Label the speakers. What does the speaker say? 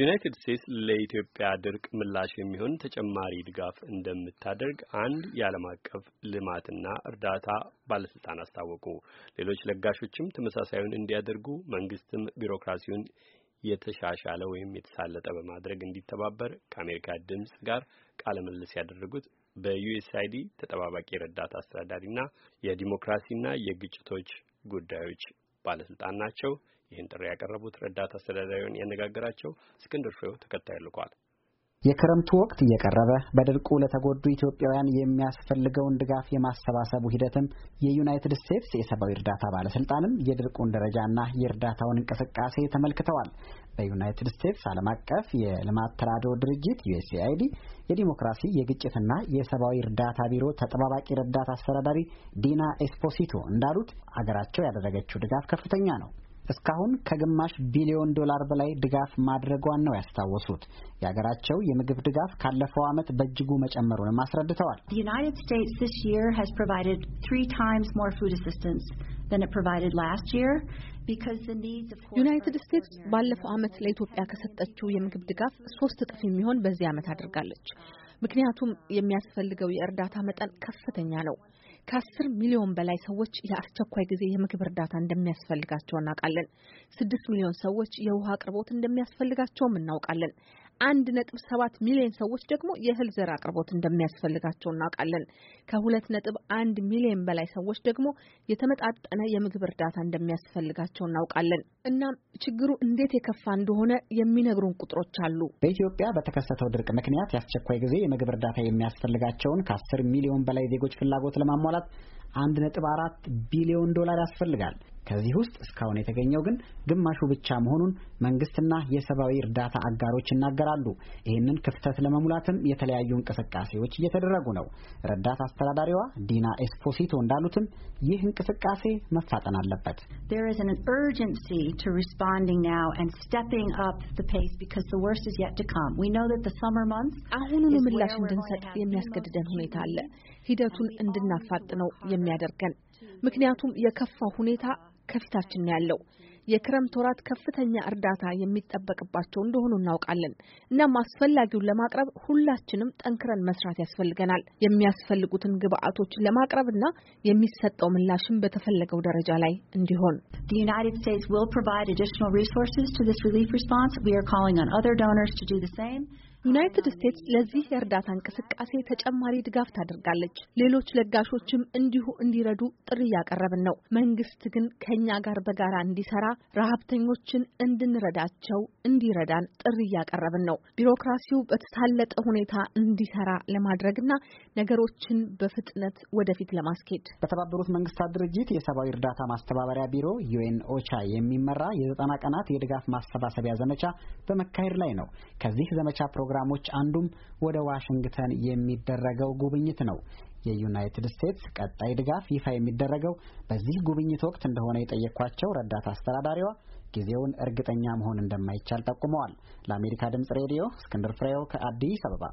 Speaker 1: ዩናይትድ ስቴትስ ለኢትዮጵያ ድርቅ ምላሽ የሚሆን ተጨማሪ ድጋፍ እንደምታደርግ አንድ የዓለም አቀፍ ልማትና እርዳታ ባለስልጣን አስታወቁ። ሌሎች ለጋሾችም ተመሳሳዩን እንዲያደርጉ መንግስትም ቢሮክራሲውን የተሻሻለ ወይም የተሳለጠ በማድረግ እንዲተባበር ከአሜሪካ ድምፅ ጋር ቃለ ምልልስ ያደረጉት በዩኤስአይዲ ተጠባባቂ ረዳት አስተዳዳሪና የዲሞክራሲና የግጭቶች ጉዳዮች ባለስልጣን ናቸው። ይህን ጥሪ ያቀረቡት ረዳት አስተዳዳሪውን ያነጋገራቸው እስክንድር ፍሬው ተከታይ ልኳል።
Speaker 2: የክረምቱ ወቅት እየቀረበ በድርቁ ለተጎዱ ኢትዮጵያውያን የሚያስፈልገውን ድጋፍ የማሰባሰቡ ሂደትም የዩናይትድ ስቴትስ የሰብአዊ እርዳታ ባለስልጣንም የድርቁን ደረጃና የእርዳታውን እንቅስቃሴ ተመልክተዋል። በዩናይትድ ስቴትስ ዓለም አቀፍ የልማት ተራድኦ ድርጅት ዩኤስኤአይዲ የዲሞክራሲ የግጭትና የሰብአዊ እርዳታ ቢሮ ተጠባባቂ ረዳት አስተዳዳሪ ዲና ኤስፖሲቶ እንዳሉት አገራቸው ያደረገችው ድጋፍ ከፍተኛ ነው። እስካሁን ከግማሽ ቢሊዮን ዶላር በላይ ድጋፍ ማድረጓን ነው ያስታወሱት። የሀገራቸው የምግብ ድጋፍ ካለፈው ዓመት በእጅጉ መጨመሩንም አስረድተዋል።
Speaker 3: ዩናይትድ ስቴትስ ባለፈው ዓመት ለኢትዮጵያ ከሰጠችው የምግብ ድጋፍ ሶስት እጥፍ የሚሆን በዚህ ዓመት አድርጋለች። ምክንያቱም የሚያስፈልገው የእርዳታ መጠን ከፍተኛ ነው። ከአስር ሚሊዮን በላይ ሰዎች የአስቸኳይ ጊዜ የምግብ እርዳታ እንደሚያስፈልጋቸው እናውቃለን። ስድስት ሚሊዮን ሰዎች የውሃ አቅርቦት እንደሚያስፈልጋቸውም እናውቃለን። አንድ ነጥብ ሰባት ሚሊዮን ሰዎች ደግሞ የእህል ዘር አቅርቦት እንደሚያስፈልጋቸው እናውቃለን። ከሁለት ነጥብ አንድ ሚሊዮን በላይ ሰዎች ደግሞ የተመጣጠነ የምግብ እርዳታ እንደሚያስፈልጋቸው እናውቃለን። እናም ችግሩ እንዴት የከፋ እንደሆነ የሚነግሩን
Speaker 2: ቁጥሮች አሉ። በኢትዮጵያ በተከሰተው ድርቅ ምክንያት የአስቸኳይ ጊዜ የምግብ እርዳታ የሚያስፈልጋቸውን ከአስር ሚሊዮን በላይ ዜጎች ፍላጎት ለማሟላት አንድ ነጥብ አራት ቢሊዮን ዶላር ያስፈልጋል። ከዚህ ውስጥ እስካሁን የተገኘው ግን ግማሹ ብቻ መሆኑን መንግስትና የሰብአዊ እርዳታ አጋሮች ይናገራሉ። ይህንን ክፍተት ለመሙላትም የተለያዩ እንቅስቃሴዎች እየተደረጉ ነው። ረዳት አስተዳዳሪዋ ዲና ኤስፖሲቶ እንዳሉትም ይህ እንቅስቃሴ መፋጠን አለበት።
Speaker 3: አሁኑኑ ምላሽ እንድንሰጥ የሚያስገድደን ሁኔታ አለ። ሂደቱን እንድናፋጥነው የሚያደርገን ምክንያቱም የከፋ ሁኔታ ከፊታችን ነው ያለው። የክረምት ወራት ከፍተኛ እርዳታ የሚጠበቅባቸው እንደሆኑ እናውቃለን። እናም አስፈላጊውን ለማቅረብ ሁላችንም ጠንክረን መስራት ያስፈልገናል። የሚያስፈልጉትን ግብአቶች ለማቅረብና የሚሰጠው ምላሽም በተፈለገው ደረጃ ላይ እንዲሆን ዩናይትድ ስቴትስ ለዚህ የእርዳታ እንቅስቃሴ ተጨማሪ ድጋፍ ታደርጋለች። ሌሎች ለጋሾችም እንዲሁ እንዲረዱ ጥሪ እያቀረብን ነው። መንግስት ግን ከኛ ጋር በጋራ እንዲሰራ፣ ረሀብተኞችን እንድንረዳቸው እንዲረዳን ጥሪ እያቀረብን ነው። ቢሮክራሲው በተሳለጠ ሁኔታ እንዲሰራ ለማድረግና ነገሮችን
Speaker 2: በፍጥነት ወደፊት ለማስኬድ በተባበሩት መንግስታት ድርጅት የሰብአዊ እርዳታ ማስተባበሪያ ቢሮ ዩኤን ኦቻ የሚመራ የዘጠና ቀናት የድጋፍ ማሰባሰቢያ ዘመቻ በመካሄድ ላይ ነው። ከዚህ ዘመቻ ፕሮግራም ፕሮግራሞች አንዱም ወደ ዋሽንግተን የሚደረገው ጉብኝት ነው። የዩናይትድ ስቴትስ ቀጣይ ድጋፍ ይፋ የሚደረገው በዚህ ጉብኝት ወቅት እንደሆነ የጠየኳቸው ረዳት አስተዳዳሪዋ ጊዜውን እርግጠኛ መሆን እንደማይቻል ጠቁመዋል። ለአሜሪካ ድምጽ ሬዲዮ እስክንድር ፍሬው ከአዲስ አበባ